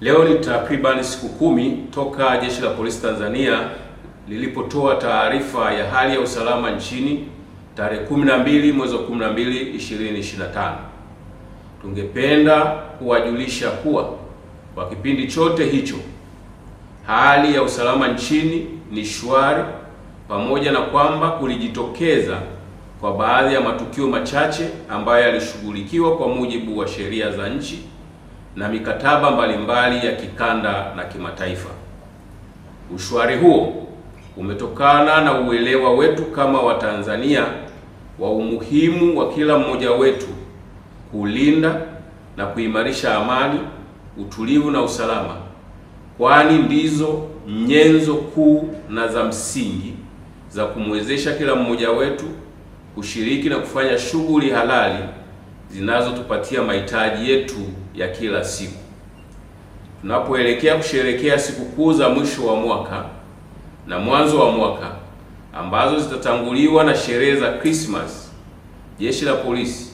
Leo ni takriban siku kumi toka Jeshi la Polisi Tanzania lilipotoa taarifa ya hali ya usalama nchini tarehe 12 mwezi wa 12 2025. Tungependa kuwajulisha kuwa kwa kipindi chote hicho hali ya usalama nchini ni shwari, pamoja na kwamba kulijitokeza kwa baadhi ya matukio machache ambayo yalishughulikiwa kwa mujibu wa sheria za nchi na mikataba mbalimbali ya kikanda na kimataifa. Ushwari huo umetokana na uelewa wetu kama Watanzania wa umuhimu wa kila mmoja wetu kulinda na kuimarisha amani, utulivu na usalama, kwani ndizo nyenzo kuu na za msingi za kumwezesha kila mmoja wetu kushiriki na kufanya shughuli halali zinazotupatia mahitaji yetu ya kila siku. Tunapoelekea kusherekea sikukuu za mwisho wa mwaka na mwanzo wa mwaka ambazo zitatanguliwa na sherehe za Christmas, Jeshi la Polisi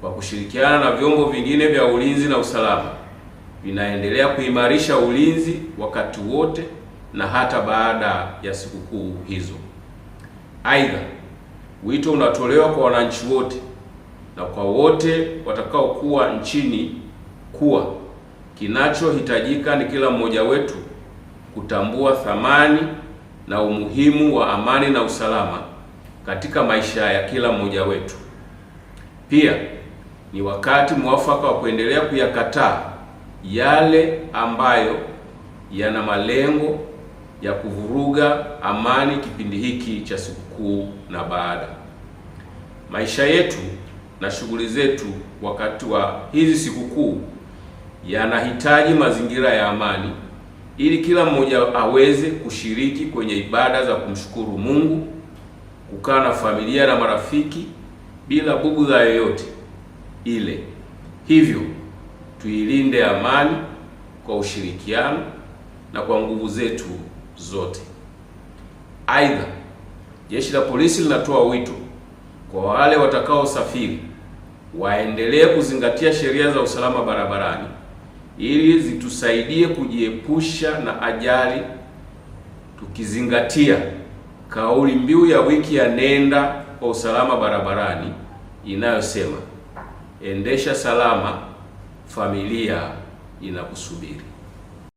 kwa kushirikiana na vyombo vingine vya ulinzi na usalama vinaendelea kuimarisha ulinzi wakati wote na hata baada ya sikukuu hizo. Aidha, wito unatolewa kwa wananchi wote na kwa wote watakaokuwa nchini kuwa kinachohitajika ni kila mmoja wetu kutambua thamani na umuhimu wa amani na usalama katika maisha ya kila mmoja wetu. Pia ni wakati mwafaka wa kuendelea kuyakataa yale ambayo yana malengo ya kuvuruga amani kipindi hiki cha sikukuu na baada. Maisha yetu na shughuli zetu wakati wa hizi sikukuu yanahitaji mazingira ya amani ili kila mmoja aweze kushiriki kwenye ibada za kumshukuru Mungu, kukaa na familia na marafiki bila bughudha yoyote ile. Hivyo tuilinde amani kwa ushirikiano na kwa nguvu zetu zote. Aidha, jeshi la polisi linatoa wito kwa wale watakaosafiri waendelee kuzingatia sheria za usalama barabarani ili zitusaidie kujiepusha na ajali, tukizingatia kauli mbiu ya wiki ya Nenda kwa Usalama Barabarani inayosema endesha salama, familia inakusubiri.